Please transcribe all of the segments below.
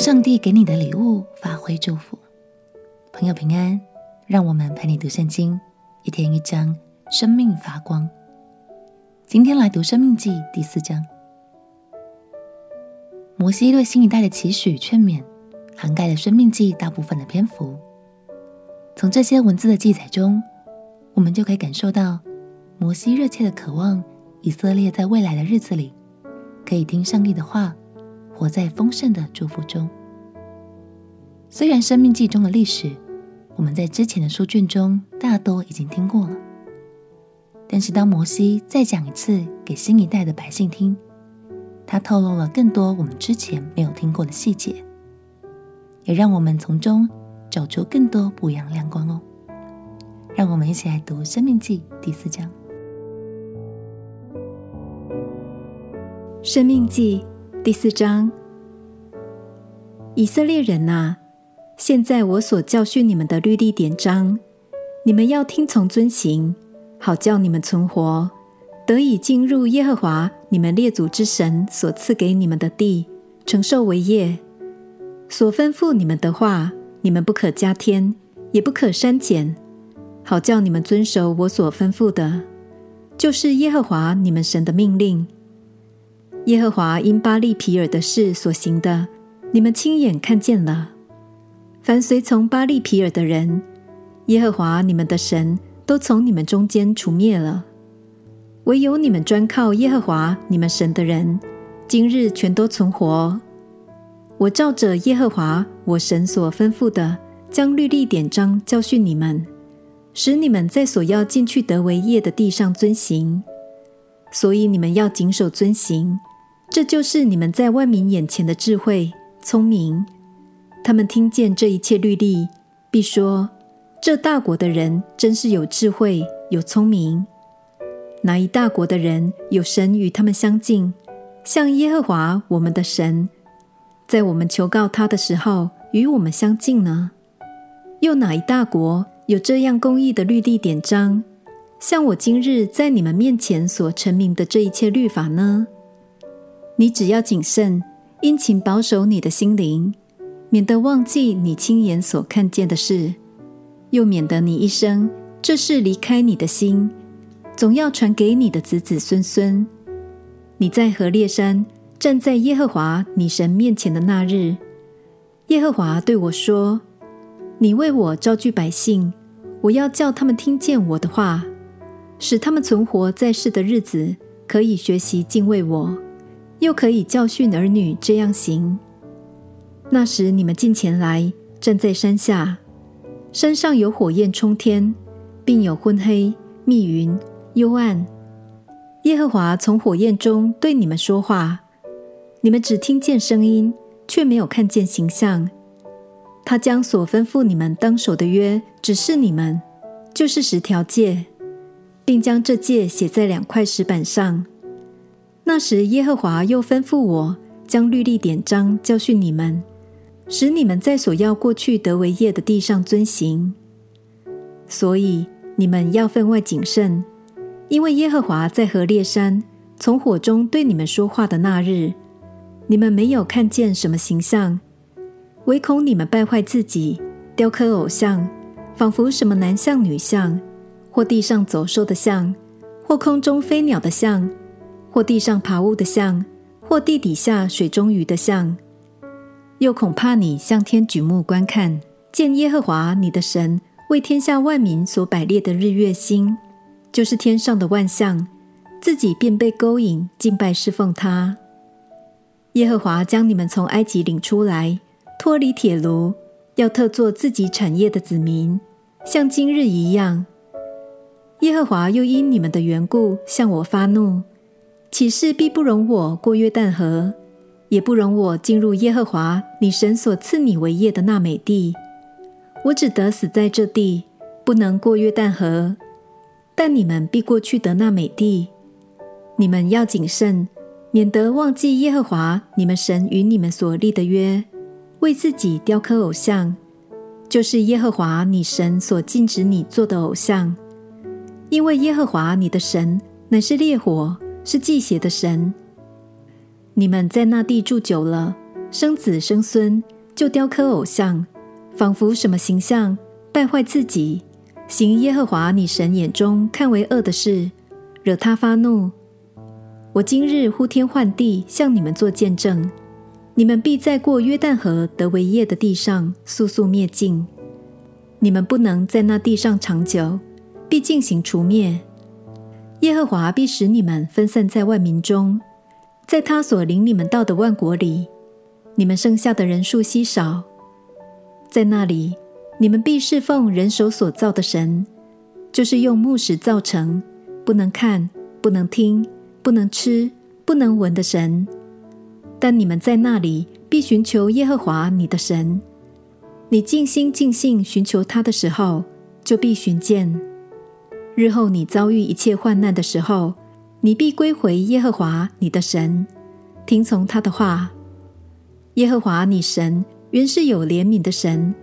讓上帝給你的禮物，發揮祝福，朋友平安。讓我們陪你讀聖經，一天一章，生命發光。今天來讀《申命記》第四章，摩西對新一代的期許勸勉，涵蓋了《申命記》大部分的篇幅。從這些文字的記載中，我們就可以感受到摩西熱切的渴望，以色列在未來的日子裡可以聽上帝的話。活在豐盛的祝福中。雖然《申命記》中的歷史，我們在之前的書卷中大多已經聽過了，但是當摩西再講一次給新一代的百姓聽，他透露了更多我們之前沒有聽過的細節，也讓我們從中找出更多不一樣亮光哦。讓我們一起來讀《申命記》第四章，《申命記》。第四章，以色列人哪，現在我所教訓你們的律例典章，你們要聽從遵行，好叫你們存活，得以進入耶和華你們列祖之神所賜給你們的地，承受為業。所吩咐你們的話，你們不可加添，也不可刪減，好叫你們遵守我所吩咐的，就是耶和華你們神的命令。耶和華因巴力皮爾的事所行的，你們親眼看見了。凡隨從巴力皮爾的人，耶和華你們的神都從你們中間除滅了。唯有你們專靠耶和華你們神的人，今日全都存活。我照着耶和華我神所吩咐的，將律例典章教訓你們，使你們在所要進去得為業的地上遵行。所以你們要謹守遵行。這就是你們在萬民眼前的智慧、聰明。他們聽見這一切律例，必說：這大國的人真是有智慧、有聰明。哪一大國的人有神與他們相近，像耶和華我們的神，在我們求告他的時候與我們相近呢？又哪一大國有這樣公義的律例典章，像我今日在你們面前所陳明的這一切律法呢？你只要謹慎殷勤保守你的心靈，免得忘記你親眼所看見的事，又免得你一生這事離開你的心，總要傳給你的子子孫孫。你在何烈山站在耶和華你神面前的那日，耶和華對我說：“你為我招聚百姓，我要叫他們聽見我的話，使他們存活在世的日子，可以學習敬畏我。”又可以教訓兒女這樣行。那時你們近前來，站在山下，山上有火焰沖天，並有昏黑、密雲、幽暗。耶和華從火焰中對你們說話，你們只聽見聲音，卻沒有看見形象。他將所吩咐你們當守的約指示你們，就是十條誡，並將這誡寫在兩塊石板上。那時，耶和華又吩咐我將律例典章教訓你們，使你們在所要過去得為業的地上遵行。所以你們要分外謹慎，因為耶和華在何烈山從火中對你們說話的那日，你們沒有看見什麼形象，唯恐你們敗壞自己，雕刻偶像，仿佛什麼男像、女像，或地上走獸的像，或空中飛鳥的像。或地上爬物的像，或地底下水中魚的像，又恐怕你向天舉目觀看，見耶和華你的神為天下萬民所擺列的日月星，就是天上的萬象，自己便被勾引敬拜侍奉他。耶和華將你們從埃及領出來，脫離鐵爐，要特做自己產業的子民，像今日一樣。耶和華又因你們的緣故向我發怒。起誓，必不容我過約旦河，也不容我進入耶和華你神所賜你為業的那美地。我只得死在這地，不能過約旦河。但你們必過去得那美地。你們要謹慎，免得忘記耶和華你們神與你們所立的約，為自己雕刻偶像，就是耶和華你神所禁止你做的偶像，因為耶和華你的神乃是烈火，是忌邪的神。你們在那地住久了，生子生孫，就雕刻偶像，仿佛什麼形象，敗壞自己，行耶和華你神眼中看為惡的事，惹他發怒。我今日呼天喚地，向你們做見證，你們必在過約旦河得為業的地上速速滅盡。你們不能在那地上長久，必進行除滅。耶和華必使你們分散在萬民中，在他所領你們到的萬國裡，你們剩下的人數稀少。在那裡，你們必侍奉人手所造的神，就是用木石造成、不能看、不能聽、不能吃、不能聞的神。但你們在那裡必尋求耶和華你的神。你盡心盡性尋求他的時候，就必尋見。日後你遭遇一切患難的時候，你必歸回耶和華你的神，聽從他的話。耶和華你神原是有憐憫的神，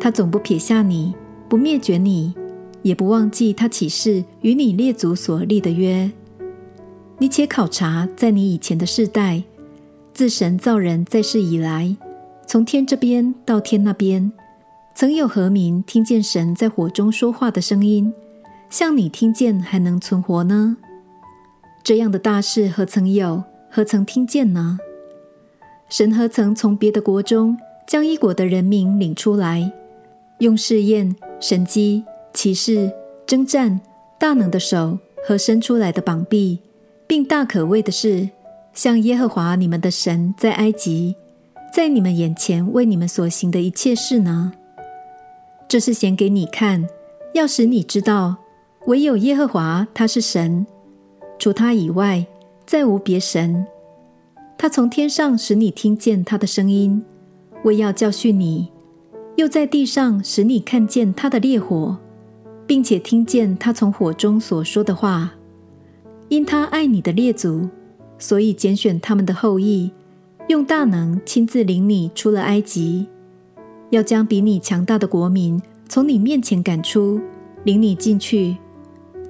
他總不撇下你，不滅絕你，也不忘記他起誓與你列祖所立的約。你且考察，在你以前的世代，自神造人在世以來，從天這邊到天那邊，曾有何民聽見神在火中說話的聲音？像你聽見還能存活呢？這樣的大事何曾有？何曾聽見呢？神何曾從別的國中將一國的人民領出來，用試驗、神蹟、奇事、征戰、大能的手和伸出來的膀臂，並大可畏的事，像耶和華你們的神在埃及，在你們眼前為你們所行的一切事呢？這是顯給你看，要使你知道。唯有耶和華，他是神，除他以外，再無別神。他從天上使你聽見他的聲音，為要教訓你；又在地上使你看見他的烈火，並且聽見他從火中所說的話。因他愛你的列祖，所以揀選他們的後裔，用大能親自領你出了埃及，要將比你強大的國民從你面前趕出，領你進去。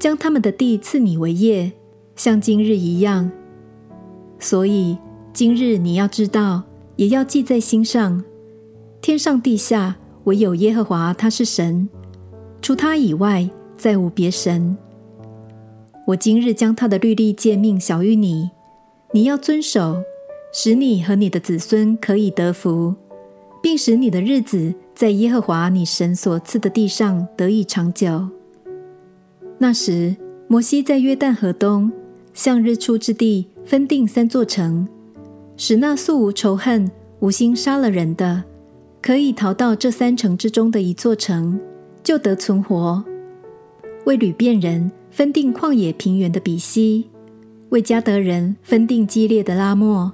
將他們的地賜你為業，像今日一樣。所以今日你要知道，也要記在心上。天上地下，唯有耶和華他是神，除他以外，再無別神。我今日將他的律例誡命曉諭你，你要遵守，使你和你的子孫可以得福，並使你的日子在耶和華你神所賜的地上得以長久。那時，摩西在約旦河東向日出之地分定三座城，使那素無仇恨、無心殺了人的，可以逃到這三城之中的一座城，就得存活。為流便人分定曠野平原的比悉，為迦得人分定基列的拉末，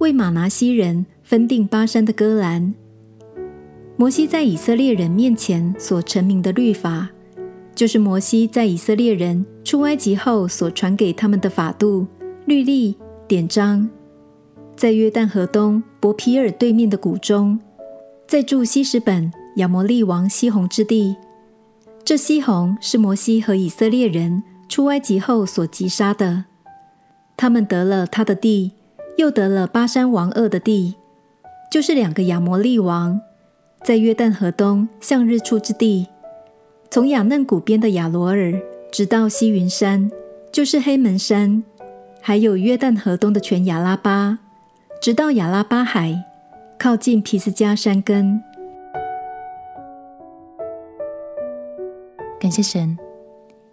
為瑪拿西人分定巴山的哥蘭。摩西在以色列人面前所陳明的律法，就是摩西在以色列人出埃及後所傳給他們的法度、律例、典章，在約旦河東伯毗珥對面的谷中，在住希實本亞摩利王西宏之地。這西宏是摩西和以色列人出埃及後所擊殺的，他們得了他的地，又得了巴珊王噩的地，就是兩個亞摩利王，在約旦河東向日出之地。從雅嫩谷邊的亞羅爾，直到西雲山，就是黑門山，還有約旦河東的全亞拉巴，直到亞拉巴海，靠近皮斯加山根。感謝神，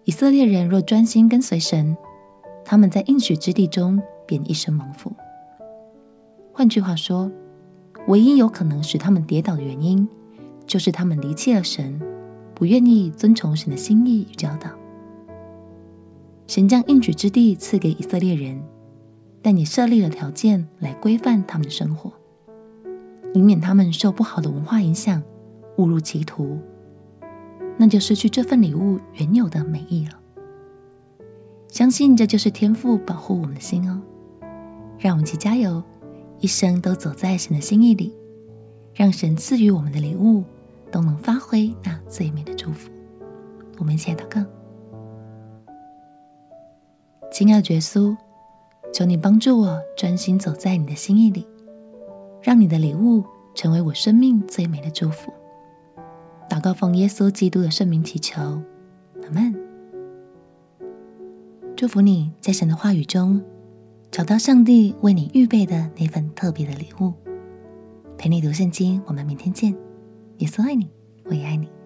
以色列人若專心跟隨神，他們在應許之地中便一生蒙福。換句話說，唯一有可能使他們跌倒的原因，就是他們離棄了神。不願意遵從神的心意與教導。神將應許之地賜給以色列人，但你設立了條件來規範他們的生活，以免他們受不好的文化影響，誤入歧途，那就失去這份禮物原有的美意了。相信這就是天父保護我們的心哦，讓我們一起加油，一生都走在神的心意裡，讓神賜予我們的禮物，都能發揮那最美的祝福。我們一起來禱告，親愛的耶穌，求你幫助我專心走在你的心意裡，讓你的禮物成為我生命最美的祝福。禱告奉耶穌基督的聖名祈求，阿門。祝福你在神的話語中找到上帝為你預備的那份特別的禮物。陪你讀聖經，我們明天見。耶穌愛你，我也愛你。